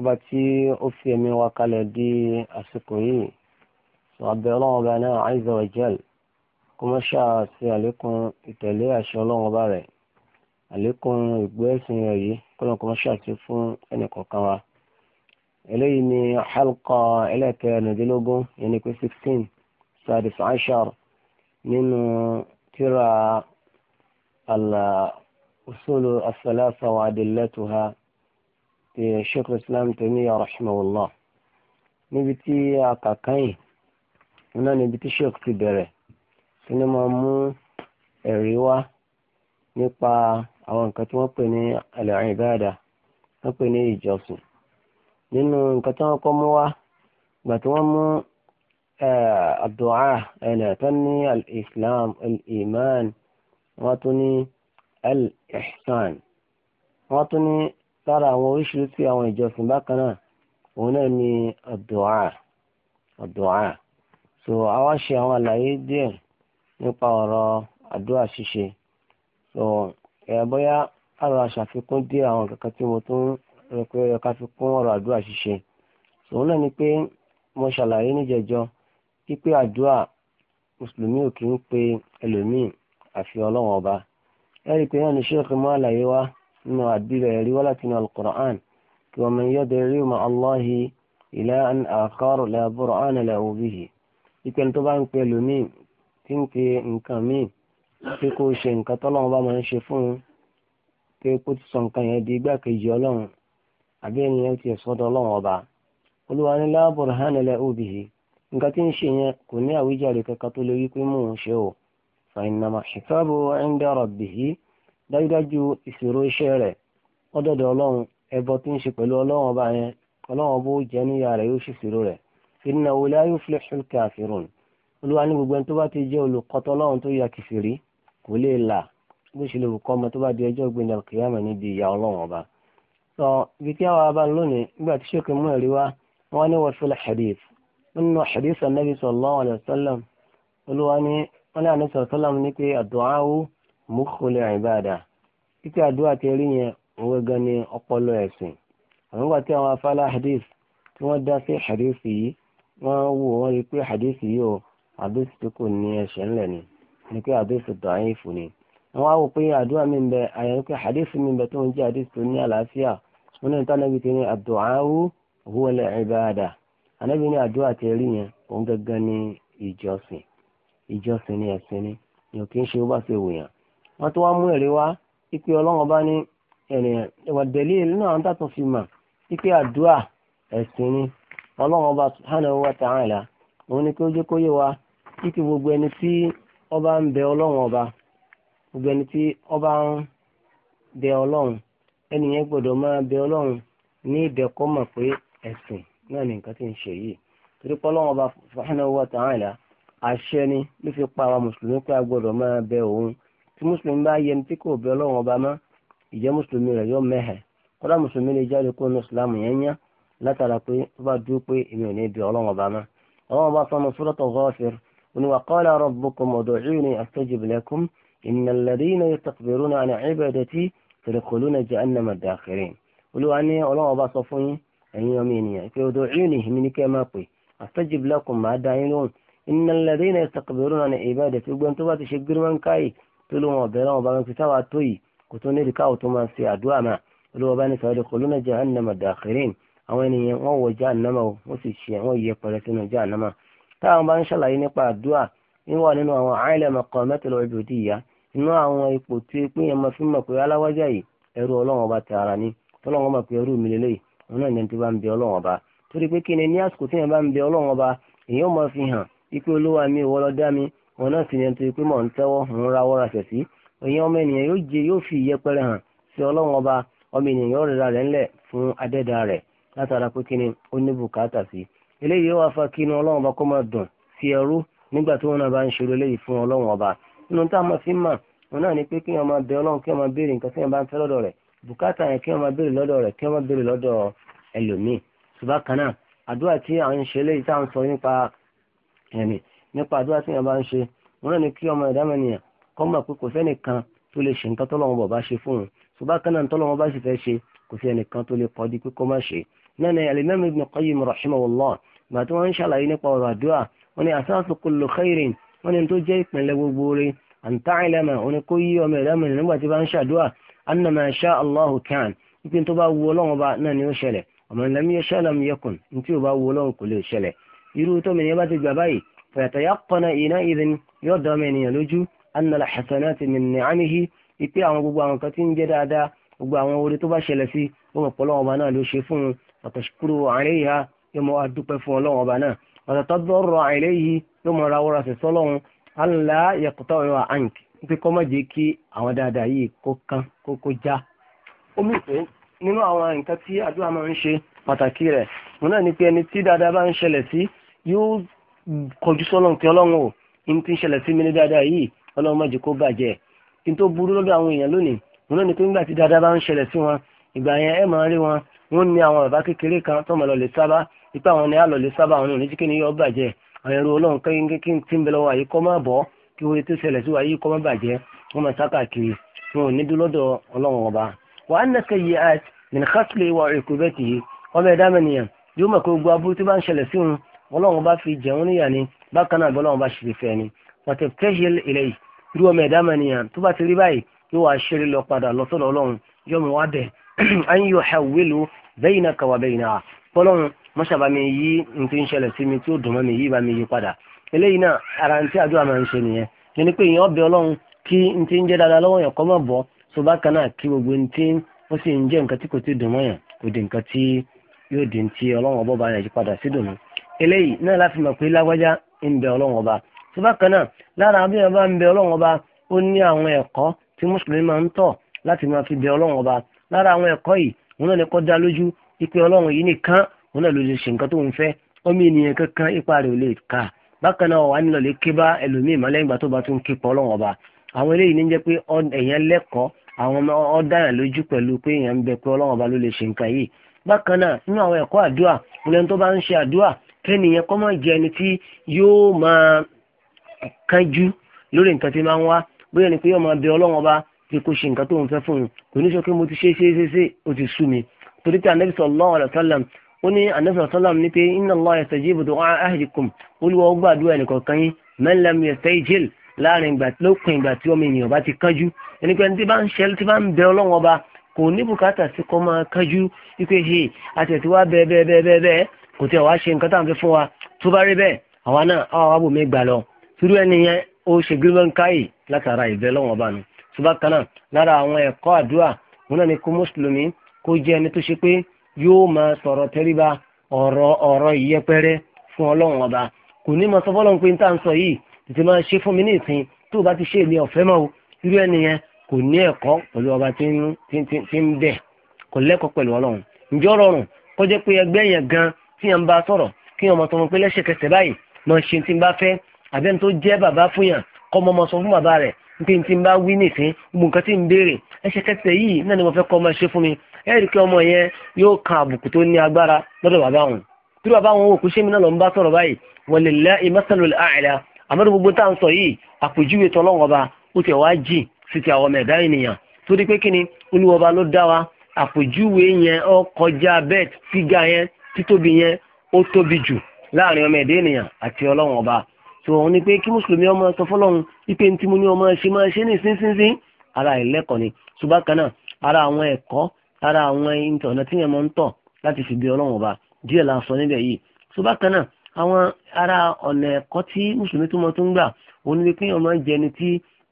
ọba tí ó fi ẹ̀mí wa kalẹ̀ di àsìkò yìí sọ abẹ́ ọlọ́run ọba náà azza wa jal kó má ṣáà ṣe àlékún ìtẹ̀lé àṣẹ ọlọ́run ọba rẹ̀ àlékún ìgbé ẹ̀sìn rẹ̀ yìí kó lóun kó má ṣáà fún ẹnìkọ̀ọ̀kan wa. eléyìí ni halqa ẹlẹ́kẹ̀ẹ́rìndínlógún yẹn ni pé sixteen sadis ashar nínú tíra al-usulu as-salasa wa adillatuha ti sheikh islam tẹ̀míyà rahimahullah níbi tí a kà káyìn náà níbi tí sheikh ti bẹ̀rẹ̀ tí ni máa mú ẹ̀rí wá nípa àwọn nǹkan tí wọ́n pè ní al-ibada wọ́n pè ní ìjọsìn nínú nǹkan tí wọ́n kọ́ mú wá gbà tí wọ́n mú àdùá ẹ̀nà tó ní islam al-iman tún ní al-ihsan wọ́n tún ní lára àwọn oríṣiríṣi àwọn ìjọsìn bákan náà òun náà ni àdúà àdúà so àwa ṣe àwọn àlàyé díẹ̀ nípa ọ̀rọ̀ àdúrà ṣíṣe so ẹ̀ bóyá àrùn aṣàfikún díẹ̀ àwọn kankan tí mo tún rẹ pé ẹ ká fi kún ọ̀rọ̀ àdúrà ṣíṣe so òun náà ni pé mo ṣàlàyé níjẹjọ pípé àdúrà mùsùlùmí ò kì í pe ẹlòmíì àfi ọlọ́wọ́n ọba ẹ rí i pé náà ni ṣéèkì mú àlàyé wá nínú àdìrẹ rí wá láti inú alukur'an kí wọn máa yọ dẹrí ma aláhi ilá an àkọrò lẹ́bùrọ̀ án lẹ́ òbíhi ìpè tó bá ń pè lómi tí ń pe nǹkan míì pé kó o ṣe nǹkan tọ́lọ́run bá máa ń ṣe fún un pé kó ti sọ nǹkan yẹn di igbákejì ọlọ́run àbí ènìyàn ti sọ́dọ̀ ọlọ́run ọba olúwa ní lẹ́bùrọ̀ án lẹ́ òbíhi nǹkan tí ń ṣe yẹn kò ní àwíjàre kankan tó lè wí pé mò ń ṣe o fa innama hisabuhu inda rabbihi dájúdájú ìṣòro iṣẹ́ rẹ̀ ọdọọdọ ọlọ́run ẹbọ tí ń ṣe pẹ̀lú ọlọ́run ọba yẹn ọlọ́run ọba ó jẹ níyà rẹ̀ yóò ṣèṣirò rẹ̀ innahu la yuflihul kafirun olúwa ní gbogbo ẹni tó bá ti jẹ́ olùkọ́tọ́ ọlọ́run tó ya kìfìrí kò lè là bó ṣe lè kọ́ ọmọ tó bá di ọjọ́ ìgbìyànjú alkiyama níbi ìyá ọlọ́run ọba. sọ ibi tí àwọn abá lónìí nígbà mọ́kànlẹ̀ àìbáàdà títí àdúrà tí rí yẹn òun gẹ́gẹ́ ní ọpọlọ ẹ̀sìn àwọn ìgbà tí àwọn afárá hadith tí wọ́n dá sí hadith yìí wọ́n wò wọ́n rí pé hadith yìí o hadith tí kò ní ẹ̀ṣẹ̀ ńlẹ̀ ni ni pé hadith da'if ni wọ́n wá wò pé àdúrà mi bẹ àyẹ̀wò pé hadith mi bẹ tó ń jẹ́ hadith tó ní àlàáfíà wọ́n ní ìtànàbí ti ní àdúà huwa al-ibada ànábì ní àdúrà tí rí yẹn òun gẹ́gẹ́ ní ìjọsìn ìjọsìn ni ẹ̀sìn ni ni ò kí ń ṣe ó bá ṣe wòyàn wọ́n tó wá mú ẹ̀rí wá ipe ọlọ́run bá ní ẹ̀wà dẹ̀lí nínú àwọn tàtún fi mà ipe àdúrà ẹ̀sìn ni ọlọ́run bá subhanahu wa òun ni kí wa ipe gbogbo ẹni tí ọba ń bẹ ọba gbogbo ẹni tí ọba ń bẹ ọlọ́run ẹnìyẹn gbọ́dọ̀ máa bẹ ọlọ́run ní ìbẹ̀kọ́ mọ̀ pé ẹ̀sìn ọba tí mùsùlùmí bá yẹn tí kò bẹ ọlọ́run ọba mọ́ ìjẹ́ mùsùlùmí rẹ̀ yóò mẹ́hẹ̀ kódà mùsùlùmí lè jáde kó nu ìsìlámù yẹn yán látara pé ó bá dúró pé èmi ò ní bẹ ọlọ́run ọba mọ́ ọlọ́run ọba sọnù suratul Ghafir òní wa qala rabbukum ud'uni astajib lakum innal ladhina yastakbiruna an ibadati sayadkhuluna jahannama dakhirin olúwa tó ló wọn ọ̀bẹ̀rẹ̀ wọn bá wọn fi sáwà tó yìí kò tó ní ìdíkà òtún máa ṣe àdúrà mà olówó bá ní sọ èdè kòlónà jahannama dakhirin àwọn ènìyàn wọn wọ jahannama o wọn sì ṣe wọn yẹ pẹrẹ sínú jahannama táwọn bá ń ṣàlàyé nípa àdúrà ń wà nínú àwọn àìlẹ̀ maqamatul ubudiyya inú àwọn ipò tí pín yẹn máa fi mọ̀ pé aláwájá yìí ẹrú ọlọ́run ọba òun náà sì ni ẹni tó yẹ pé mò ń tẹ́wọ́ ń rawọ́ raṣẹ̀ sí èèyàn ọmọ ènìyàn yóò jẹ yóò fi ìyẹpẹrẹ hàn sí ọlọ́run ọba ọmọ ènìyàn yóò rẹra rẹ̀ ńlẹ̀ fún adẹ́dà rẹ̀ látara pé kí ó ní bùkátà sí eléyìí fa kí inú ọlọ́run ọba kó máa dùn sí ẹrú nígbà tí wọn náà bá ń ṣeré eléyìí fún ọlọ́run ọba nínú tá a máa fi mà òun náà ni pé kí wọn máa bẹ ọlọ́run kí wọn máa nípa àdúrà tí yẹn bá ń ṣe wọn náà ni kí ọmọ ẹ̀dá mẹ́nìyàn kọ́ mọ̀ pé kò sẹ́nì kan tó lè ṣe nǹkan tọ́lọ́wọ́n bọ̀ bá ṣe fún un ṣùgbọ́n kan náà tọ́lọ́wọ́n bá sì fẹ́ ṣe kò sí ẹnìkan tó lè kọ́ di pé kó má ṣe. náà ni alimami ibn qayyim rahimahullah gbà tí wọ́n ń ṣàlàyé nípa ọ̀rọ̀ àdúrà wọ́n ní asaasu kullu khairin wọ́n ní tó jẹ́ ìpínlẹ̀ gbogbo rẹ̀ àǹtá ìlànà òun ni kó yí ọmọ ẹ̀dá mẹ́rin nígbà tí bá ń ṣàdúrà annama sha allahu kan ipe tó bá wu ọlọ́run ọba náà ni ó ṣẹlẹ̀ ọmọ ìlànà yẹn ṣẹlẹ̀ yẹkùn ní tí ò bá wu ọlọ́run kò lè ṣẹlẹ̀ irú tó mi فيتيقن حينئذ يرضى من يلجو أن الحسنات من نعمه ipe àwọn gbogbo àwọn kan tí ń jẹ́ dáadáa gbogbo àwọn oore tó bá ṣẹlẹ̀ sí wọn ọ̀pọ̀lọ́wọ́ ọba náà ló ṣe fún un ọ̀tọ̀ṣukúrò àárẹ̀ ìhà yóò mọ adúpẹ́ fún ọlọ́wọ́ ọba náà ọ̀tọ̀tọ̀ dọ́rọ̀ àárẹ̀ yìí yóò mọ rawọ́ ra sẹ̀sọ́ alá yẹkùtọ̀ ìwà àǹk pé kọ́ má jẹ́ kí àwọn dáadáa yìí kó kan kó kó já. ó mú pé nínú àwọn nǹkan tí àdúrà máa ń ṣe pàtàkì rẹ̀ wọn náà ni pé ẹni tí dáadáa bá ń ṣẹlẹ̀ sí yóò kọjú sọ́lọ́n pé ọlọ́run ò ní ti ń ṣẹlẹ̀ sí mi ní dáadáa yìí ọlọ́run má jẹ́ kó bàjẹ́ kí n tó burú lọ́dọ̀ àwọn èèyàn lónìí wọn lónìí pé nígbà tí dáadáa bá ń ṣẹlẹ̀ sí wọn ìgbà yẹn ẹ máa rí wọn wọn ní àwọn bàbá kékeré kan tó mọ̀ lọ́lẹ̀ sábà ipá àwọn ni á lọ́lẹ̀ sábà àwọn òní jíkẹ́ ni yóò bàjẹ́ àwọn ẹrù ọlọ́run kí n ti ń bẹ lọ́wọ́ àyíkọ́ má bọ́ kí wọ́n yóò tó ṣẹlẹ̀ sí bọ́lọ́wọ́n bá fi jẹun níyà ni bákan náà bọ́lọ́wọ́n bá ṣe fẹ́ ni wọ́tẹ̀ tẹ́ṣẹ̀l ilẹ̀ yìí irú ọmọ ẹ̀dá mẹ́niyàn tó bá ti rí báyìí yóò wá ṣeré lọ padà na ọlọ́run yọmọ wá bẹ̀ an yuhawwilu baynaka wa baynaha bọ́lọ́run mọ́ṣàbá mi yí n ti ń ṣẹlẹ̀ sí mi tí ó dùn mọ́ mi yí bá mi yí padà eléyìí náà ara eléyìí náà láti mọ̀ pé lágbájá ń bẹ ọlọ́run ọba tí bákan náà lára bí ọba ń bẹ ọlọ́run ọba ó ní àwọn ẹ̀kọ́ tí mùsùlùmí máa ń tọ̀ láti máa fi bẹ ọlọ́run ọba lára àwọn ẹ̀kọ́ yìí òun náà ní kó dá lójú ipe ọlọ́run yìí nìkan òun náà ló lè ṣe nǹkan tó ń fẹ́ ọmọ ènìyàn kankan ipa rẹ̀ ò lè kà bákan náà wà nílò lè ké bá ẹlòmíì má lẹ́yìn ìgbà tó bá tún ké pọ̀ ọlọ́run ọba àwọn eléyìí ní jẹ́ pé èèyàn lẹ́kọ̀ọ́ àwọn ọ̀daràn lójú pẹ̀lú pé èèyàn ń bẹ pé ọlọ́run ọba ló lè ṣe nǹkan yìí bákan náà nínú àwọn ẹ̀kọ́ àdúrà ìlẹ́ni tó bá ń ṣe àdúrà kẹ́nìyàn kọ́ máa jẹ ẹni tí yóò máa kánjú lórí nǹkan tí máa ń wá bóyá ni pé yóò máa bẹ ọlọ́run ọba pé kó ṣe nǹkan tó ń fẹ́ fún un kò ní sọ pé mo ti ṣe ṣe ṣe ṣe o ti sú mi torí pé anabi sallallahu alaihi wasallam ó ní anabi sallallahu alaihi wasallam ní pé inna Allah yastajibu du'a ahadikum olúwa ó gbàdúrà ẹnìkọ̀ọ̀kan yín man lam yastajil láàrin lópin ìgbà tí ọmọ ènìyàn bá ti kánjú ẹni pé ẹni tí bá ń ṣe tí bá ń bẹ ọlọ́run ọba kò ní bùkátà sí kọ́ máa kánjú wípé he àtẹ̀tíwá bẹ́ẹ̀ bẹ́ẹ̀ bẹ́ẹ̀ bẹ́ẹ̀ kò tí ẹ wá ṣe nǹkan tá à ń fẹ́ fún wa tó bá rí bẹ́ẹ̀ àwa náà àwa wà bòmí gbà lọ irú ẹni yẹn ó ṣe gírímọ̀ káyì látara ìbẹ́ lọ́wọ́n ọba nu ṣùgbọ́n kan náà lára àwọn ẹ̀kọ́ àdúrà wọn náà ni kó mùsùlùmí kó jẹ́ ẹni tó ṣe pé yóò máa sọ̀rọ̀ tẹríba ọ̀rọ̀ ọ̀rọ̀ ìyẹpẹrẹ fún ọlọ́run ọba kò ní máa sọ fọlọ́run pé n tá à ń sọ yìí tètè máa ṣe fún mi ní ìsìn tó o bá ti ṣe èmi ọ̀fẹ́ mọ́ o irú ẹni yẹn kò ní ẹ̀kọ́ pẹ̀lú ọba tí ń bẹ̀ kò lẹ́kọ̀ọ́ pẹ̀lú ọlọ́run ǹjọ́ rọrùn kó pé ẹgbẹ́ yẹn gan tí yàn bá sọ̀rọ̀ kí ọmọ tó mọ pé lẹ́sẹ̀kẹsẹ̀ báyìí mọ ṣe tí n bá fẹ́ àbẹ́ni tó jẹ́ bàbá fún yàn kọ́ mọ́ ọmọ sọ fún bàbá rẹ̀ nípa tí n bá wí nìsín gbogbo nǹkan tí n béèrè lẹ́sẹ̀kẹsẹ̀ yìí náà ni mo fẹ́ kọ́ ọmọ ṣe fún mi ẹ rí i pé ọmọ yẹn yóò kan àbùkù tó ní agbára lọ́dọ̀ bàbá òun tí bàbá òun òkú ṣé mi náà lọ ń bá sọ̀rọ̀ báyìí walillahi masalul a'la àmọ́dé gbogbo tá à ń sọ yìí àpèjúwe tọ́lọ́wọ́n ọba ó ti wá jì sí ti àwọn ẹ̀dá ènìyàn torí pé kí ni olúwọba ló dá wa àpèjúwe yẹn ó kọjá bẹ́ẹ̀ fígà yẹn títóbi yẹn ó tóbi jù láàrin ọmọ ẹ̀dẹ́ ènìyàn àti ọlọ́run ọba tó òun ni pé kí mùsùlùmí ọmọ sọ fọlọ́run ipe ntí mo ní ọmọ ṣe máa ṣe ní sínsínsín ara ìlẹ́kọ̀ọ́ ni ṣùgbọ́n ara àwọn ẹ̀kọ́ ara àwọn ìtọ̀nà tí yẹn máa ń tọ̀ láti fi bí ọlọ́run ọba díẹ̀ la sọ níbẹ̀ yìí ṣùgbọ́n àwọn ara ọ̀nà ẹ̀kọ́ tí mùsùlùmí tó mọ tó ń gbà òun ni pé ọmọ jẹni tí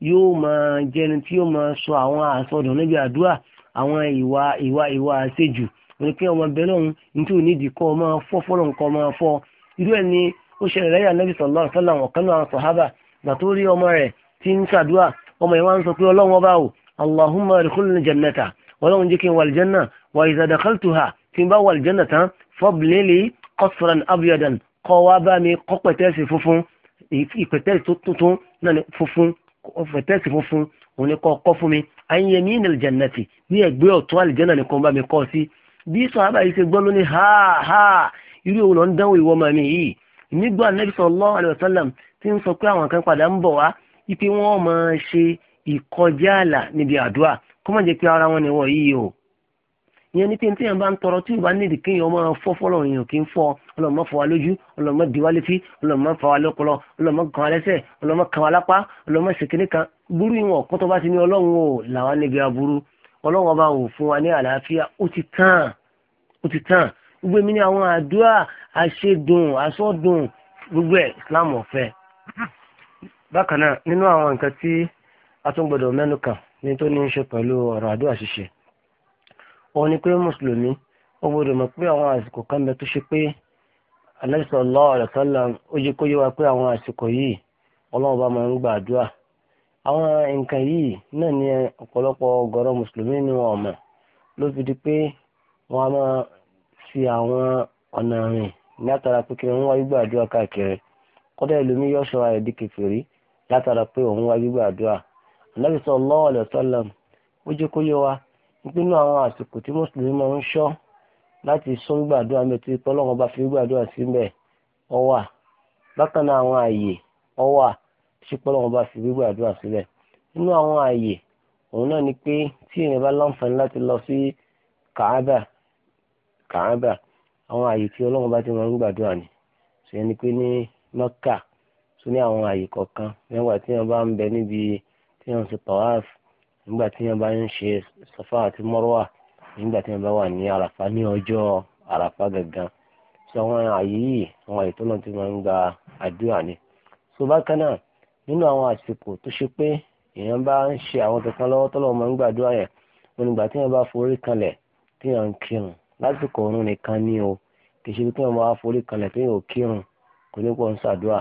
yóò máa jẹni tí yóò máa sọ àwọn àsọdùn níbi àdúrà àwọn ìwà ìwà ìwà àṣejù ní kí ọmọ bẹ́ẹ̀ lọ́hùn ní tí ò ní ìdí kọ́ ọmọ fọ́ fọ́lọ́ nǹkan ọmọ fọ́ irú ẹ̀ ni ó ṣẹlẹ̀ lẹ́yìn anábì sallallahu alaihi wasallam ọ̀kan náà sọ̀hábà gbà tó rí ọmọ rẹ̀ tí ń ṣàdúrà ọmọ yẹn wá ń sọ pé ọlọ́run ọba o allahumma adkhilni jannata ọlọ́run jẹ́ kí n wà lìjẹ́nà wà idha dakhaltuha tí n bá wà lìjẹ́nà tán fablili qasran abyadan kọ́ wá bá mi kọ́ pẹ̀tẹ́sì funfun ìpẹ̀tẹ́sì tuntun náà ni funfun pẹ̀tẹ́sì funfun òun ni kọ́ kọ́ fún mi an yaminil jannati ní ẹ̀gbẹ́ ọ̀tún àlìjẹ́nà ni bá mi kọ́ sí bí sàhábà yìí ṣe gbọ́ lónìí ha ha irú òun lọ ń dánwò ìwọ màmí yìí nígbà Ànábì sallallahu alaihi wasallam ti ń sọ pé àwọn kan padà ń bọ̀ wá ipe wọn máa ṣe ìkọjá àlà níbi àdúrà kó má jẹ́ pé ara wọn ni wọ́n yìí o ìyẹn ní pé tí èèyàn bá ń tọrọ tí ò bá nídìí kéèyàn máa fọ́ fọ́lọ́ èèyàn kì í fọ́ ọlọ́mọ fọ́ wa lójú ọlọ́mọ di wa létí ọlọ́mọ fọ́ wa lọ́pọlọ ọlọ́mọ kan wa lẹ́sẹ̀ ọlọ́mọ kan wa lápá ọlọ́mọ ṣèkínní kan burú ìwọ̀n kó tó bá ti ní ọlọ́run o làwa níbi aburú ọlọ́wọ́n bá wò fún wa ní àlàáfíà ó ti tán ó ti tán gbogbo èmi ní àwọn àdúrà àṣedùn àsọdùn gbogbo ẹ̀ Islam ọ̀fẹ́. bákan náà nínú àwọn nǹkan tí a tún gbọdọ̀ mẹ́nu kàn ní tó ní í ṣe pẹ̀lú ọ̀rọ̀ àdúrà ṣíṣe òun ni pé mùsùlùmí ó gbọdọ̀ mọ̀ pé àwọn àsìkò kan bẹ tó ṣe pé Ànábì sallallahu alaihi wasallam ó yẹ kó yé wa pé àwọn àsìkò yìí ọlọ́wọ́n bá máa ń gbàdúrà àwọn nǹkan yìí náà ni ọ̀pọ̀lọpọ̀ ọ̀gọ̀rọ̀ mùsùlùmí ni wọn mọ̀ ló fi di pé wọn a máa fi àwọn ọ̀nà rìn látara pé kí wọ́n wáyé gbàdúrà káàkiri kọ́dà ìlúmi yóò sọ ààrẹ kẹfìrí látara pé òun wáyé wa àwọn àsìkò tí mùsùlùmí máa ń ṣọ́ láti gbàdúrà mi tí bá fi gbàdúrà síbẹ̀ ọ wà bákan náà àwọn ṣe pọ́lọ́wọ́ bá fi gbígbà àdúrà sílẹ̀ nínú àwọn ààyè òun náà ni pé tí èèyàn bá láǹfààní láti lọ sí kàábà kàábà àwọn ààyè tí ọlọ́run bá ti máa ń gbàdúrà ni ṣèyẹn ni pé ní mọ́kà tó ní àwọn ààyè kọ̀ọ̀kan nígbà tí wọ́n bá ń bẹ níbi tí wọ́n ń ṣe tawaf nígbà tí wọ́n bá ń ṣe safa àti marwa nígbà tí wọ́n bá wà ní àràfà ní ọjọ́ àràfà gangan sọ àwọn ààyè yìí àwọn ààyè tó náà ti máa ń gba àdúrà ni. so bákan náà nínú àwọn àsìkò tó ṣe pé èèyàn bá ń ṣe àwọn kankan lọ́wọ́ tọ́lọ́ máa ń gbàdúrà yẹn onígbà tí èèyàn bá forí kanlẹ̀ tí èèyàn ń kírun lásìkò òun nìkan ni o kì í ṣe tí èèyàn bá forí kanlẹ̀ tí èèyàn ò kírun kò ní pọ̀ ń ṣàdúrà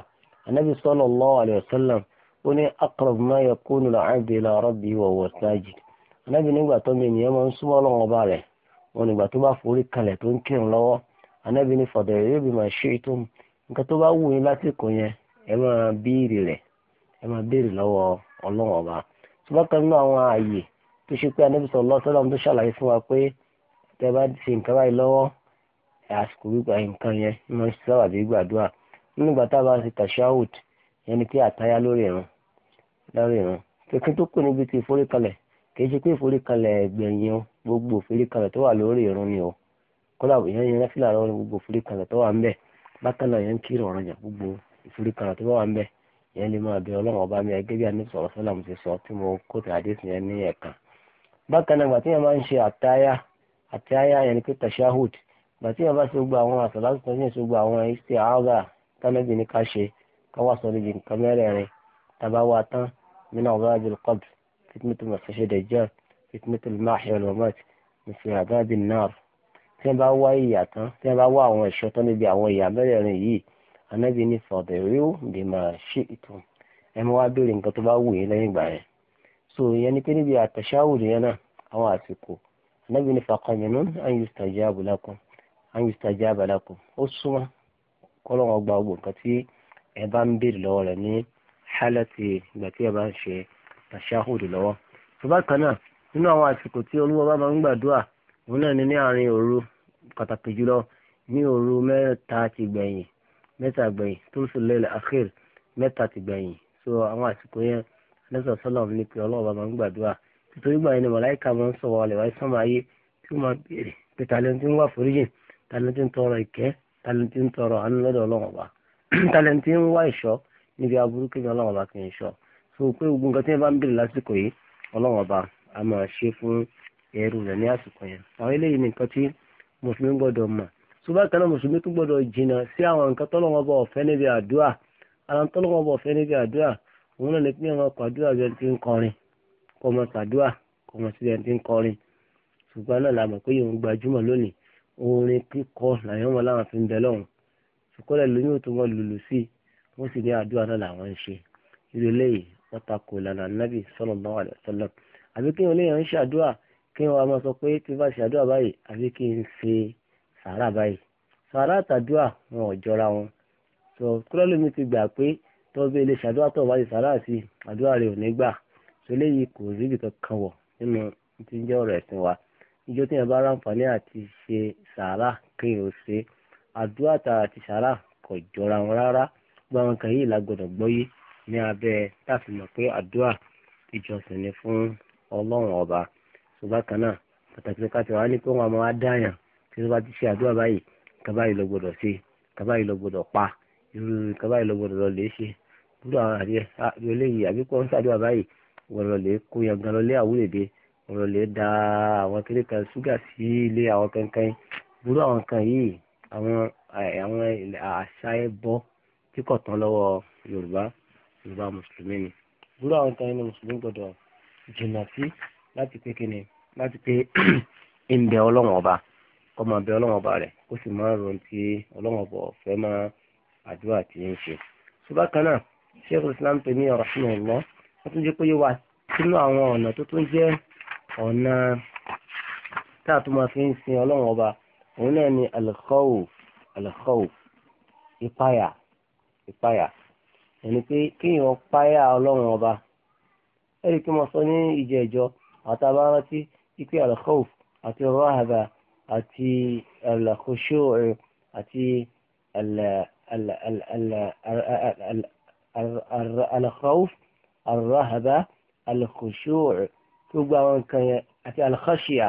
anabi sallallahu alayhi wa sallam ó ní aqrab ma yakunu al-abdu ila rabbihi wa huwa sajid anabi nígbà tó mi ènìyàn máa ń súnmọ́ Ọlọ́run ọba rẹ̀ onígbà tó bá forí kanlẹ̀ tó ń kírun lọ́wọ́ anabi ní fad'u bima ẹ máa béèrè lọ́wọ́ ọlọ́run ọba ṣùgbọ́n nínú àwọn ààyè tó ṣe pé anábì sọ lọ́sọ́ lọ́run tó ṣàlàyé fún wa pé tẹ bá ṣe nǹkan báyìí lọ́wọ́ àsìkò gbígbà nǹkan yẹn ní wọ́n ṣe sábà bí gbàdúrà nínú ìgbà tá a bá ṣe tashahud yẹn ni pé àtayá lórí ìrun lórí ìrun kékin tó kù níbi tí ìforíkalẹ̀ kì í ṣe pé ìforíkalẹ̀ gbẹ̀yìn o gbogbo ìforíkalẹ̀ tó wà lórí ìrun ni o kódà ìyẹn yẹn lẹ́fìlà lọ́wọ́ gbogbo ìforíkalẹ̀ tó wà ń bẹ̀ bákan náà yẹn ń kírun ọ̀rọ̀ yẹn gbogbo ìforíkalẹ̀ tó wà ń bẹ̀ yẹn lè máa bẹ ọlọ́run ọba mi gẹ́gẹ́ bí a ní sọ̀rọ̀ sọ́làmù ti sọ tí mo kó ti àdéhùn yẹn ní ẹ̀kan. bákan náà gbàtí yẹn máa ń ṣe àtayá àtayá yẹn ni pé tashahud gbàtí yẹn bá ṣe gbogbo àwọn àṣàlásù tó ṣe gbogbo àwọn iṣẹ́ àágà tánàbì ní ká ṣe káwá sọ níbi nǹkan mẹ́rẹ̀ẹ̀rin tábà wá tán mínà ọ̀gá abilqab fitmatul masih dajjal fitmatul mahya wal mamat mùsùlùmí àgbà bíi náà tí wọ́n bá wá ìyà tán tí wọ́n bá wá àwọn anábì ní fọ̀dẹ̀ríw bí máa ṣe ètò ẹ wá béèrè nǹkan tó bá wù yín ìgbà yẹn so ìyẹn ni pé níbi àtẹ̀sáwùrì yẹn náà àwọn àsìkò anábì ní fàkànnìnú àyùsítàjà àbùlákùn àyùsítàjà àbàlákùn ó súnmọ́ kọ́lọ́wọ́n gba ogbò nǹkan tí ẹ bá ń béèrè lọ́wọ́ rẹ̀ ní ìgbà tí ẹ bá ń ṣe mẹ́ta gbẹ̀yìn tó ń sùn lẹ́lẹ̀ akhir mẹ́ta ti gbẹ̀yìn so àwọn àsìkò yẹn anẹ́sà sọ́lá ní pé ọlọ́run bá máa ń gbàdúrà nítorí gbà yẹn ni màláìka máa ń sọ̀rọ̀ alẹ́ wáyé sọ́mọ ayé tí ó máa béèrè pé talẹ́ntì ń wà foríjìn talẹ́ntì ń tọrọ ìkẹ́ talẹ́ntì ń tọrọ àánú lọ́dọ̀ ọlọ́run ọba talẹ́ntì ń wá ìṣọ́ níbi aburú kébì ọlọ́run ọba kì í ṣọ́ so pé ogun kan tí wọ́n bá ń béèrè lásìkò yìí ọlọ́run ọba a máa ṣe fún ẹrú rẹ̀ ní àsìkò yẹn àwọn eléyìí nìkan tí mùsùlùmí gbọ́dọ̀ mọ̀ ṣùgbọ́n kan náà mùsùlùmí tún gbọ́dọ̀ jìnnà sí àwọn nǹkan tọ́lọ́wọ́ bọ̀ ọ̀fẹ́ níbi àdúrà àwọn tọ́lọ́wọ́ bọ̀ ọ̀fẹ́ níbi àdúrà òun náà lè pín àwọn ọkọ̀ àdúrà bí ẹni tí ń kọrin kọ́ ọmọ sàdúrà kọ́ ọmọ síbi ẹni tí ń kọrin ṣùgbọ́n náà làmọ̀ pé òun gbajúmọ̀ lónìí orin kíkọ làwọn ọmọ làwọn fi ń bẹ lọ́hùn ṣùkọ́lẹ̀ lóyún òtún wọn lùlù sí wọ́n sì ní àdúrà náà làwọn ń ṣe irú eléyìí wọ́n ta kò lànà nábì sallallahu alaihi wasallam àbí kí wọn léèyàn ń ṣàdúrà kí wọn máa sọ pé tí bá ṣàdúrà báyìí àbí kí n ṣe sàárà báyìí sàárà àtàdúà wọn ò jọra wọn tó kúrọ́lùmí ti gbà pé tọ́bí ilé ṣàdúrà tó wáyé sàárà sí àdúrà rẹ̀ ò ní gbà tó léyìí kò ríbi kankan wọ̀ nínú tí ń jẹ́ ọ̀rọ̀ ẹ̀sìn wa ìjọ tí yẹn bá ráǹfààní àti ṣe sàárà kí o ṣe àdúrà tààrà àti sàárà kò jọra wọn rárá gbọ́n àwọn kan yìí la gbọ́dọ̀ gbọ́yé ní abẹ́ láti mọ̀ pé àdúrà ìjọsìn ni fún ọlọ́run ọba ṣùgbọ́n kan náà pàtàkì ká ti wá ní pé wọn máa dáyàn tí wọ́n bá ti ṣe àdúrà báyìí kaba yìí lọ gbọ́dọ̀ ṣe kaba yìí lọ gbọ́dọ̀ pa irú kaba yìí lọ gbọ́dọ̀ lọ lè ṣe gbọ́dọ̀ àwọn àdìẹ eléyìí àbíkọ ń ṣàdúrà báyìí gbọ́dọ̀ lè kó yan gan lọlé àwúrèdè gbọ́dọ̀ lè da àwọn kéré kan ṣúgà sí ilé àwọn kankan gbọ́dọ̀ àwọn kan yìí àwọn àwọn àṣà ẹbọ tí kò tán lọ́wọ́ yorùbá yorùbá mùsùlùmí ni gbọ́dọ̀ àwọn kan yìí ni mùsùlùmí gbọ́dọ̀ jìnnà sí láti pé kíni láti pé ìǹdẹ ọlọ́wọ́n ọba kó máa bẹ ọlọ́wọ́n ọba rẹ̀ kó sì máa ronú tí ọlọ́wọ́n ọba ọ̀fẹ́ máa àdúrà tí ń ṣe. ṣùgbọ́n kan náà sheikh islam pè ní ọ̀rọ̀ sínú ọ̀lọ́ wọ́n tún jẹ́ pé wà sínú àwọn ọ̀nà tó tún jẹ́ ọ̀nà tá a tún máa fi ń sin ọlọ́wọ́n ọba òun náà ni al-khawf al-khawf ẹni pé kéèyàn páyà ọlọ́run ọba ẹ̀rí kí mo sọ ní ìjẹ́jọ́ àtàbárántí ipe al àti rahaba àti àlàkóṣó àti àlàkọ́f àrọ́hàbá àlàkóṣó gbogbo àwọn nǹkan yẹn àti àlàkọ́ṣíà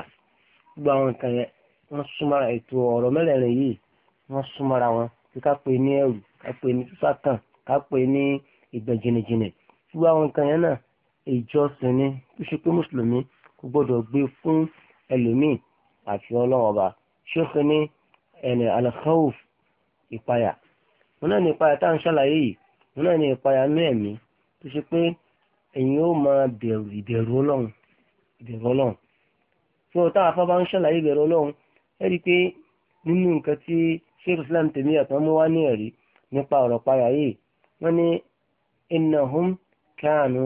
gbogbo àwọn nǹkan yẹn wọ́n súnmọ́ra ètò ọ̀rọ̀ mẹ́lẹ̀rin yìí wọ́n súnmọ́ra wọn kí ká pè ní ẹrù ká pè ní sísàkàn ká pè ní ìgbẹ́ jìnnìjìnnì gbogbo àwọn nǹkan yẹn náà ìjọsìn ni tó ṣe pé mùsùlùmí kò gbọdọ̀ gbé fún ẹlòmíì àfi ọlọ́wọ́n ọba ṣéèkì ní ẹnì alakhawf ìpayà wọn náà ní ìpayà tá à ń ṣàlàyé yìí wọn náà ní ìpayà ní ẹ̀mí tó ṣe pé ẹ̀yin ó máa bẹ̀rù ìbẹ̀rù ọlọ́run ìbẹ̀rù ọlọ́run tí wọ́n táwọn afábá ń ṣàlàyé ìbẹ̀rù ọlọ́run ẹ rí i pé nínú nǹkan tí sheikh islam tèmi àtàwọn mú wá ní ẹ̀rí nípa ọ̀rọ̀ payà yìí wọ́n ní innahum kanu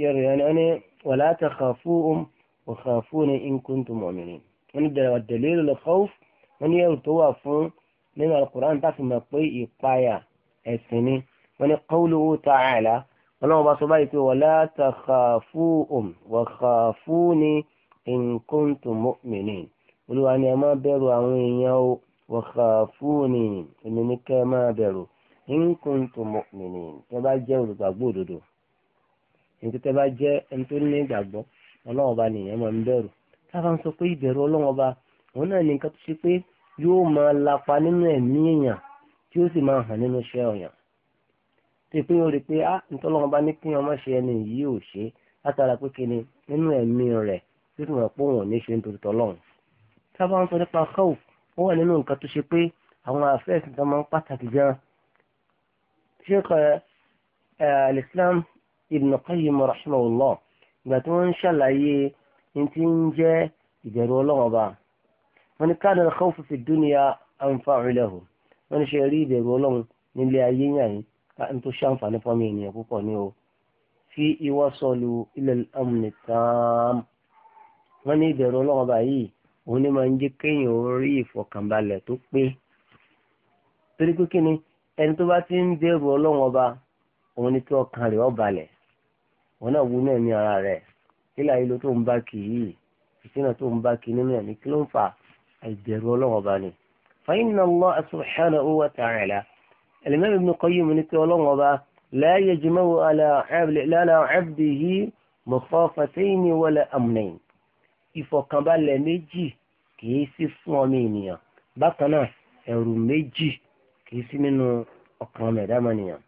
yẹ̀rù yẹn ni wọ́n ní wala وخافون إن كنتم مؤمنين ونبدأ الدليل الخوف. من يرتوى فون من القرآن تعرف ما قوي إقايا السنة من قوله تعالى ولو بصبايك ولا تخافوهم وخافوني إن كنتم مؤمنين ولو أن ما بيروا عوين يو وخافوني إنك ما بيروا إن كنتم مؤمنين تبا جاء ولو تبا جاء أنت تبا جاء أنت تبا جاء ọlọ́run ọba nìyẹn máa ń bẹ̀rù káfà ń sọ pé ìbẹ̀rù ọlọ́run ọba òun náà ní nǹkan tó ṣe pé yóò máa lapa nínú ẹ̀mí èèyàn tí ó sì máa hàn nínú iṣẹ́ ọ̀yàn tí pé ó rí pé á ntọ́lọ́run bá ní kí ọmọ ṣe ẹni yìí ò ṣe látara pé kí ni nínú ẹ̀mí rẹ̀ tó fi hàn pé òun ò ní ṣe nítorí tọ́lọ́run káfà ń sọ nípa khawf ó wà nínú nǹkan tó ṣe pé àwọn àfẹ́sìn eh, al-Islam Ibn Qayyim rahimahullah ìgbà tí wọ́n ń ṣàlàyé ní ti ń jẹ́ ìbẹ̀rù ọlọ́run ọba wọ́n ní káàdì al-khawfu fi dunya anfa'u lahu wọ́n ní ṣe rí ìbẹ̀rù ọlọ́run nílé ayé yàn yìí káàdì tó ṣàǹfààní fọ́mì ènìyàn púpọ̀ ní o fi iwasalu ila al-amni tam wọ́n ní ìbẹ̀rù ọlọ́run ọba yìí òun ni máa ń jẹ́ kéèyàn orí ìfọ̀kànbalẹ̀ tó pé torí pé kí ni ẹni tó bá ti ń bẹ̀rù ọlọ́run ọba òun ni kí ọkàn rẹ̀ ó wọn náà wo náà ní ara rẹ̀ kílà yìí ló tó ń bá kì í ìṣínà tó ń bá kì í nínú ẹ̀mí kí ló ń fa àìbẹ̀rù ọlọ́wọ́ bá ní. fa inna Allah subhanahu wa ta'ala al-imam ibn qayyim ní pé ọlọ́wọ́ bá la yajma'u ala 'abdihi makhafatayn wala amnayn. ìfọ̀kànbalẹ̀ méjì kì í sí fún ọmọ ènìyàn bákan náà ẹ̀rù méjì kì í sí nínú ọkàn mẹ̀dámọ̀ nìyàn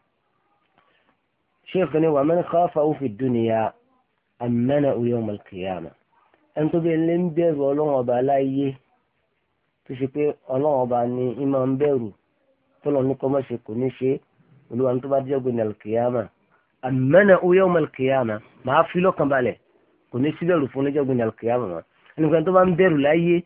sheikh ni wa man khafahu fi dunya amanahu yawm al-qiyamah ẹni tó bẹ lé ń bẹ̀rù ọlọ́run ọba aláyé tó ṣe pé ọlọ́run ọba ni í máa ń bẹ̀rù tọ́lọ̀ ní kọ́mọ́ṣe kò ní ṣe olúwa ní tó bá dé ọgbìn al-qiyamah amanahu yawm al-qiyamah màá fi lọ́kàn balẹ̀ kò ní sí bẹ̀rù fún oníjọ́gbìn al-qiyamah mọ́ ẹnìkan tó bá ń bẹ̀rù láyé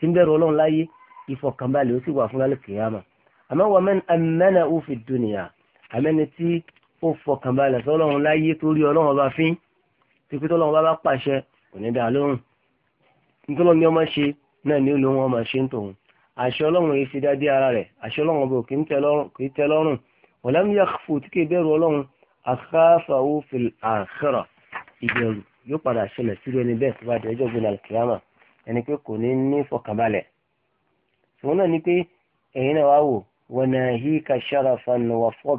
tí ń bẹ̀rù ọlọ́run láyé ìfọ̀kànbalẹ̀ ó sì wà fún al-qiyamah àmọ́ wa man amanahu fi dunya àmẹ́ni tí ó fọkàn balẹ̀ sọ́lọ́run láyé tó rí ọlọ́run ọba fín pípé tọ́lọ́run bá bá pàṣẹ kò ní dá lóhùn nítorí ní ọmọ ṣe náà ní olóhùn ọmọ ṣe ń tòun àṣẹ ọlọ́run yìí ṣe dádé ara rẹ̀ àṣẹ ọlọ́run ọba kì í tẹ lọ́rùn ọ̀làmú yà fò tí kì í bẹ̀rù ọlọ́run àkáfàwò fil àkhírà ìbẹ̀rù yóò padà ṣẹlẹ̀ sí ẹni bẹ́ẹ̀ tó bá dé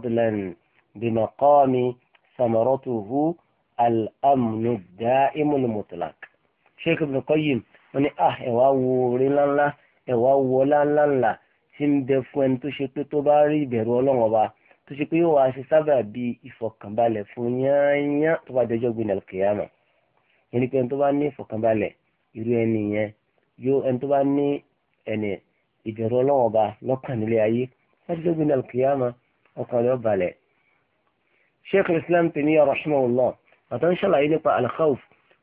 ọjọ́ bìmọ̀kọ́mi sàmọ̀rọ́tòhu al-amnu da'imul mutlaq sheikh ibn qayyim wọn ni ah ẹ̀wá wo orí ńláńlá ẹ̀wá wo ọlá ńláńlá tí ń bẹ fún ẹni tó ṣe pé tó bá rí ìbẹ̀rù ọlọ́run ọba tó ṣe pé yóò wá ṣe sábà bí ìfọ̀kànbalẹ̀ fún yányán tó bá dọjọ́ gbin alkiyama yẹn ni pé ẹni tó bá ní ìfọ̀kànbalẹ̀ irú ẹni yẹn yóò ẹni tó bá ní ẹni ìbẹ̀rù ọlọ́run ọba lọ́kàn nílé ayé tó bá dọjọ́ gbin alkiyama ọkàn rẹ̀ ó balẹ̀ sheikh islam taniya rahimahullah àtàn ṣàlàyé nípa alkhawf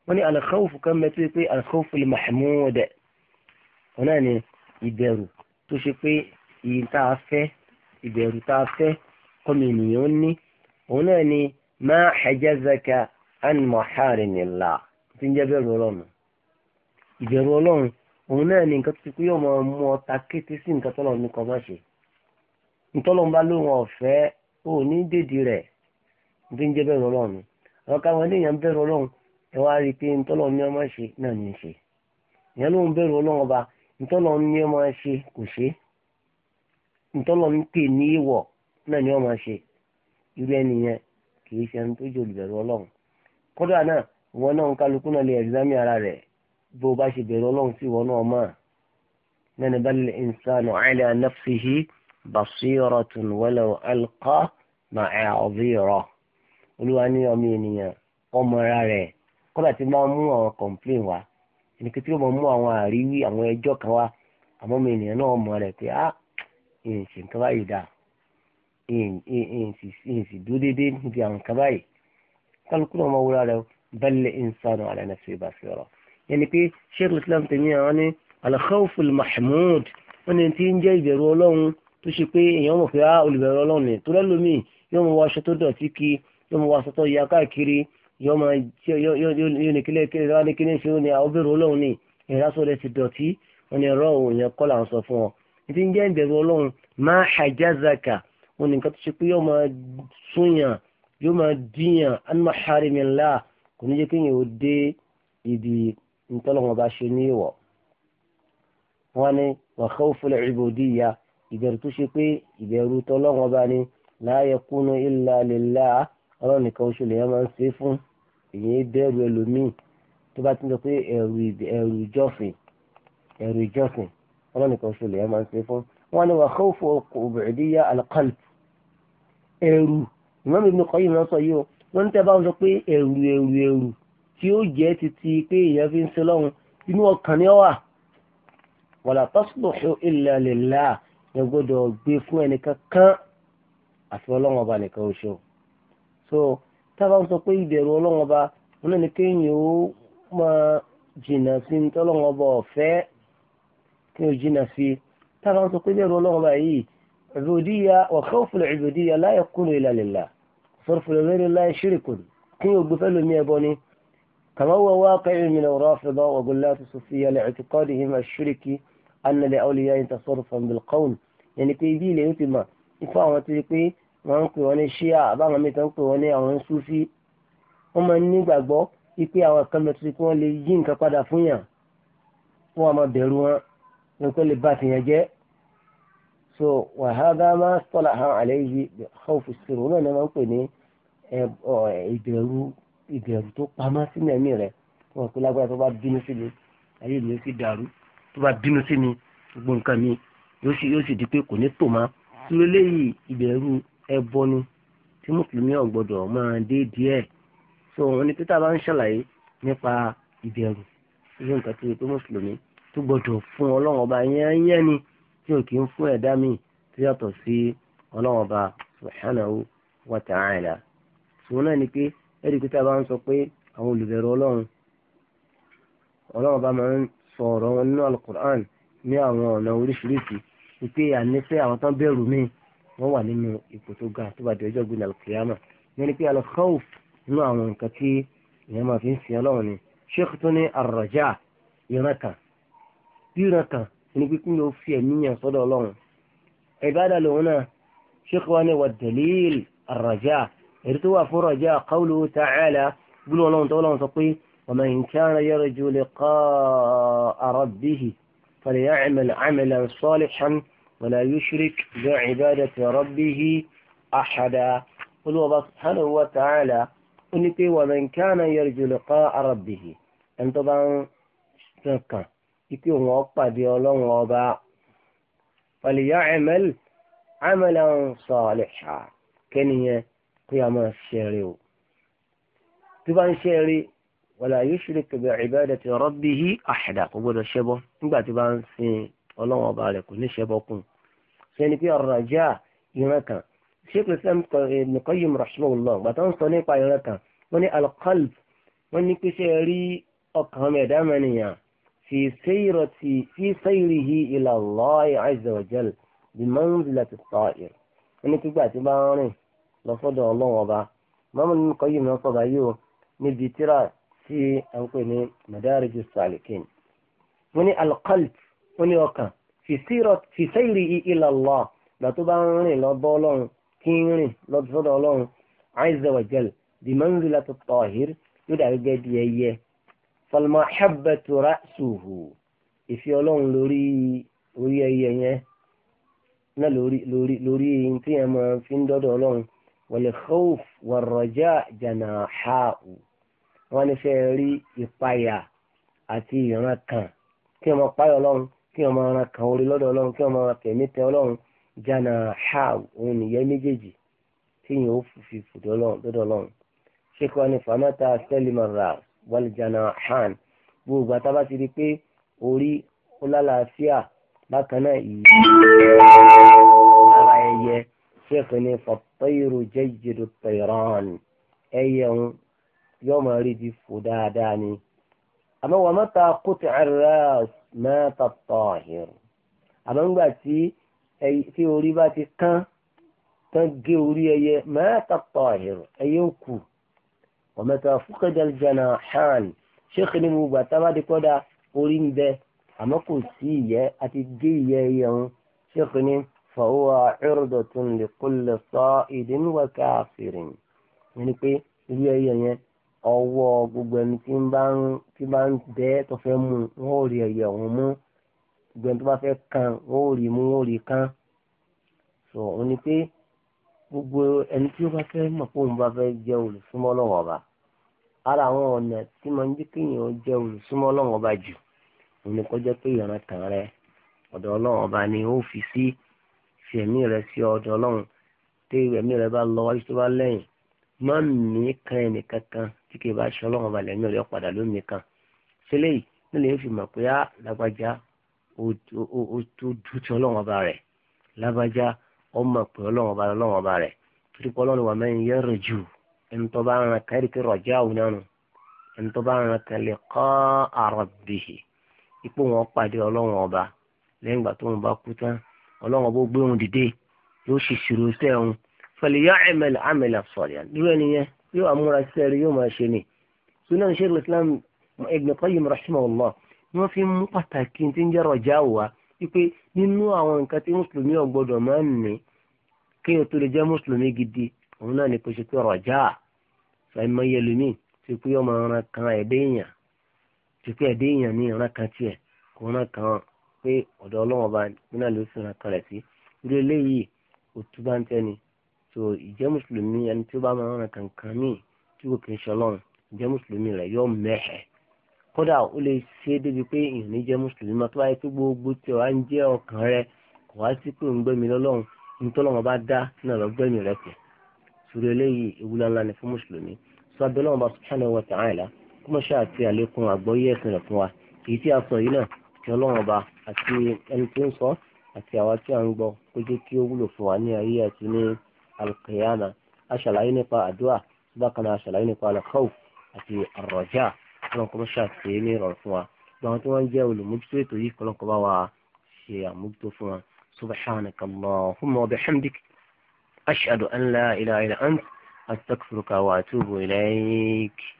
wọ́n ní alkhawf kan mẹ́tí pé alkhawf mahmud wọn náà ni ìbẹ̀rù tó ṣe pé ìyí tá a fẹ́ ìbẹ̀rù tá a fẹ́ kọ́mi ènìyàn ní òun náà ni ma hajazaka an maharimillah tí ń jẹ́ bẹ̀rù ọlọ́run ìbẹ̀rù ọlọ́run òun náà ni nǹkan tó yóò máa mú ọ kété sí nǹkan tọ́lọ́run ní kọ́ máa ṣe ntọ́lọ́run bá lóun ọ̀fẹ́ òun ní dèdí rẹ̀ ní ń jẹ́ bẹ̀rù ọlọ́run ni àwọn káwọn ènìyàn ń bẹ̀rù ọlọ́run ẹ wá rí i pé ntọ́lọ́ ní ọmọ ṣe náà ní í ṣe ìyẹn ló ń bẹ̀rù ọlọ́run ọba ntọ́lọ́ ní ọmọ ṣe kò ṣe ntọ́lọ́ ń pè ní ìwọ̀ náà ní ọmọ ṣe irú ẹnìyẹn kì í ṣe ẹni tó jẹ́ olùbẹ̀rù ọlọ́run kódà náà ìwọ náà kálukú náà lè ẹ̀rízámì ara rẹ̀ bó o bá ṣe bẹ̀rù ọlọ́run sí ìwọ náà mọ̀ nafsihi basiratun walaw alqa ma'azira olúwa ní ọmọ ènìyàn ọmọ ara rẹ̀ kọ́dà tí máa mú àwọn complain wá ẹni kí tí ó máa mú àwọn àríwí àwọn ẹjọ́ kan wá àmọ́ ọmọ ènìyàn náà mọ̀ rẹ̀ pé á ìyìn sì nǹkan báyìí dà ìyìn sì dúró déédéé níbi àwọn nǹkan báyìí kálukú náà máa wúra rẹ̀ bẹ́lẹ̀ ìnsánù ala nafsi basira yẹn ni pé sheikh islam tèmi àwọn ní al-khawfu al-mahmud wọn ni ti ń jẹ́ ìbẹ̀rù ọlọ́run tó ṣe pé èèyàn mọ̀ pé á olùbẹ̀rù ọlọ́run ni tó lẹ́lómi yóò mọ aṣọ tó dọ̀tí kí yóò mọ wàásù tó yà káàkiri yóò mọ yóò ní kílẹ̀ kílẹ̀ wá ní kíní ṣe ó ní àwọn obìnrin olóhùn ní ìrásọ rẹ ti dọ̀tí wọn ni rọ òun yẹn kọ́ là ń sọ fún ọ ìdí ń jẹ́ ìbẹ̀rù ọlọ́run máa hajazaka wọn nìkan tó ṣe pé yóò máa súnyàn yóò máa díyàn an maharimillah kò ní jẹ́ kéèyàn ó dé ibi ntọ́lọ́wọ́n bá ṣe ní ìwọ̀ wọn ni wa khawful ubudiyya ìbẹ̀rù tó ṣe pé ìbẹ̀rù tọ́lọ́wọ́n bá ní la yakunu illa ọlọ́run nìkan oṣù lèèyàn máa ń ṣe fún èyí bẹ́ẹ̀rù ẹlòmíì tó bá ti ń sọ pé ẹ̀rù ìjọsìn ẹ̀rù ìjọsìn ọlọ́run nìkan oṣù lèèyàn máa ń ṣe fún wọn ni wàá khawfu al-ubudiyya al-qalb ẹ̀rù Imam Ibn Qayyim náà sọ yìí o wọ́n ń tẹ́ bá wọn sọ pé ẹ̀rù ẹ̀rù ẹ̀rù tí ó jẹ́ títí pé èèyàn fi ń ṣe ọlọ́run so tábà ń sọ pé ìbẹ̀rù ọlọ́run ọba wọn náà ní kéèyàn ó máa jìnnà sí ní tọ́lọ́run ọba ọ̀fẹ́ kí o jìnnà sí tábà ń sọ pé ìbẹ̀rù ọlọ́run ọba yìí ìbòdíyà ọ̀kọ́fùlù ìbòdíyà láyé kúrò ìlàlẹ̀là sọ̀rọ̀fùlù lórí láyé ṣírìkùn kí o gbẹ́fẹ́ lómi ẹ̀bọ ni كما هو واقع من الرافضة وغلاة الصوفية لاعتقادهم الشركي أن لأولياء تصرفا بالقول يعني كي بي ليتما إفاهم تلقي wọ́n ń pè wọ́n ní ṣíà àbáwọn mẹ́ta ń pè wọ́n ní àwọn sufi wọ́n máa ń nígbàgbọ́ wípé àwọn kan bẹ tuntun kí wọ́n lè yí nǹkan padà fún yàn fún àwọn bẹ̀rù wọn ní kó lè bá tìyàn jẹ́ so wàhálà máa ń sọ̀lá àwọn àlẹ́yìí ọ̀fù sírò náà ni wọ́n ń pè ní ìbẹ̀rù ìbẹ̀rù tó pamọ́ sínú ẹ̀mí rẹ̀ wọn pé lágbára tó bá bínú sí mi ayé mi yóò sì dàrú tó bá bínú sí mi gbogbo nǹkan mi yóò sì di pé kò ní tò má ẹbọ ni tí mùsùlùmí ò gbọdọ̀ máa dé díẹ̀ so wọn ni peter bá ń ṣàlàyé nípa ìbẹ̀rù irú nǹkan tó yẹ pé mùsùlùmí tó gbọdọ̀ fún ọlọ́run ọba yẹn yẹn ni tí ò kì í fún ẹ̀dá mi tó yàtọ̀ sí ọlọ́run ọba subhanahu wa ta'ala ṣùgbọ́n náà ni pé ẹ̀rí peter bá ń sọ pé àwọn olùbẹ̀rù ọlọ́run ọlọ́run ọba máa ń sọ ọ̀rọ̀ wọn nínú alukur'an ní àwọn ọ̀nà oríṣiríṣi wípé ànífẹ́ àwọn tán bẹ̀rù míì wọ́n wà nínú ipò tó ga tó bá di ọjọ́ gbin alkiyama yẹn ni pé alkhawf nínú àwọn nǹkan tí ìyẹn máa fi ń sin ọlọ́run ni sheikh tó ní arraja ìran kan ìran kan ní pípín ló fi ẹ̀mí yẹn sọ́dọ̀ ọlọ́run ìbádà lòun náà sheikh wa ní wà dalil arraja èyí tó wà fún raja qawlu ta'ala gbúlù ọlọ́run tó ọlọ́run sọ pé ومن كان يرجو لقاء ربه فليعمل عملا صالحا ولا يشرك بعبادة ربه أحدا قل سبحانه وتعالى أنت ومن كان يرجو لقاء ربه أنت بان شكا يكون وقع بيولون وبا فليعمل عملا صالحا كنية قيام الشريو تبان شيري ولا يشرك بعبادة ربه أحدا قبول الشبه تبان سين ọlọ́run ọba rẹ̀ kò ní ṣẹ́bọ̀kùn sẹ́ni pé ar-raja ìran kan sheikh islam ibn qayyim rahimahullah gbàtà ń sọ nípa ìran kan wọ́n ní al-qalb wọ́n ní pé ṣe rí ọkàn ọmọ ẹ̀dá mẹ́niyàn fi sayrihi ila Allah azza wa jal bi manzilati at-ta'ir wọ́n ní pípa àti bá ń rìn lọ́sọ́dọ̀ ọlọ́run ọba mọ́mọ́ni qayyim náà sọ̀rọ̀ yìí o níbi tíra tí à ń pè ní madarij salikin wọ́n ní al ó ní ọkàn fìsẹ́ìrì ila Allah gbà tó bá ń rìn lọ́bọ́ ọlọ́run kí ń rìn lọ́sọ́dọ̀ ọlọ́run azza wa jal bimanzilati at-tahir ló dàbí gẹ́gẹ́ bí ẹyẹ falmahabbatu ra'suhu ìfi ọlọ́run lórí orí ẹyẹ yẹn náà lórí lórí lórí eyín tí yẹn máa fi ń dọ́dọ̀ ọlọ́run wal khawf war raja janahahu wọn ní fẹ́ rí ìpayà àti ìran kí wọn máa ọlọ́run kí ọmọ ara kan orí lọ́dọ̀ ọlọ́run kí ọmọ ara tẹ̀mí tẹ ọlọ́run jana ha òun nìyẹn méjèèjì tí yìí ó fi fòdò lọ́dọ̀ ọlọ́run sheikh wani famata selimara wali jana han gbogbo àtàbà ti di pé orí ó lálàáfíà bákan náà yìí lára ẹyẹ sheikh ni fọtọyìrò jẹjẹrẹ tẹyọrán ẹyẹ òun yóò rí di fò dáadáa ni àmọ́ wàmọ́ta kùtù ẹ̀rọ mata tahir àmọ́ ńgbà tí tí orí bá ti kán tán gé orí ẹyẹ mata tahir ẹyẹ ń kù wa mata fuqida al-janahan ṣéèkì ni mo gbà tábà ti kọ́dà orí ń bẹ àmọ́ kò sí ìyẹ́ àti gé ìyẹ́ ẹyẹ ọ̀hún ṣéèkì ni fàwọ́ irdatun li kulli sa'idin wa kafirin yẹn ni pé irú ẹyẹ yẹn ọwọ́ gbogbo ẹni tí ń bá ń tí bá ń bẹ́ tó fẹ́ mú wọn ò rí ẹ̀yẹ ọ̀hún mú gbogbo ẹni tó bá fẹ́ kàn wọn ò rí mú wọn ò rí kàn so òun ni pé gbogbo ẹni tí ó bá fẹ́ mọ̀ pé òun bá fẹ́ jẹ́ olùsúmọ́ lọ́wọ́ ọba ara àwọn ọ̀nà tí máa ń jẹ́ kéèyàn jẹ́ olùsúmọ́ lọ́wọ́ ọba jù òun ni kọjá pé ìran kan rẹ ọ̀dọ̀ ọlọ́wọ́ ọba ni ó fi sí fi rẹ sí ọ̀dọ̀ ọlọ́run tí ẹ̀mí rẹ bá lọ wájú tó bá lẹ́yìn má mí kan ẹnìkankan tí kì í bá ṣe ọlọ́run balẹ̀ ní ọ̀rẹ́ padà lómi kan sílẹ̀ yìí nílẹ̀ yóò fi mọ̀ pé á lágbájá ó tó dú ti ọlọ́run ọba rẹ̀ lágbájá ó mọ̀ pé ọlọ́run ọba ọlọ́run ọba rẹ̀ torí pé ọlọ́run wà mẹ́rin yẹn rẹ̀ jù ẹni tó bá ran kárí kí rọ̀já òun nánu ẹni tó bá ran kẹlẹ̀ kọ́ àrọ̀bìhì ipò wọn pàdé ọlọ́run ọba lẹ́yìn ìgbà tó ń bá kú tán ọlọ́run ọba ó gbé òun dìde yóò ṣèṣirò sẹ́hun yóò amúra sísẹ́ rẹ̀ yóò máa ṣe ni sunan sheikh islam ibn qayyim rahimahullah ni wọ́n fi mú pàtàkì tí ń jẹ́ rọ̀já wa wípé nínú àwọn nǹkan tí mùsùlùmí ò gbọdọ̀ máa ń ní kí o tó lè jẹ́ mùsùlùmí gidi òun náà ni kò ṣe pé rọ̀já ṣàìmọ̀ yẹlòmíì ṣe pé ọmọ ọ̀ràn kan ẹ̀dẹ́ èèyàn ṣe pé ẹ̀dẹ́ èèyàn ní ọ̀ràn kan tiẹ̀ kò ọ̀ràn kan pé ọ̀dọ̀ ọlọ́wọ́n bá nínú so ìjẹ́ mùsùlùmí ẹni tí ó bá máa ń ràn kankan míì tí kò kì í ṣọlọ́run ìjẹ́ mùsùlùmí rẹ̀ yóò mẹ́hẹ̀ kódà ó lè ṣe é débi pé èèyàn ní jẹ́ mùsùlùmí máa tó báyé pé gbogbo tí ọ̀rá ń jẹ́ ọkàn rẹ kò wá sí pé òun gbẹ́mi lọ́lọ́run ní tọ́lọ́run bá dá náà lọ gbẹ́mi rẹ tẹ̀ sórí eléyìí ewúlá ńlá ni fún mùsùlùmí sọ abẹ́lọ́run bá subhanahu wa ta'ala kó mọ̀ ṣáà àlékún àgbọ́yé ẹ̀sìn rẹ̀ fún wa èyí tí a sọ yìí náà ti ọlọ́run ọba àti ẹni tó ń sọ àti àwa tí à ń gbọ́ kó jẹ́ kí ó wúlò fún wa ní ayé àti ní القيامة أشل عيني طاء أدواء سبقنا أشل عيني طاء الخوف أتي الرجاء كلهم كما شاء تيني رفوا بانتوا أن جاولوا مجتوى تليك كلهم كما وعا شيئا مجتوى سبحانك اللهم وبحمدك أشهد أن لا إله إلا أنت أستغفرك وأتوب إليك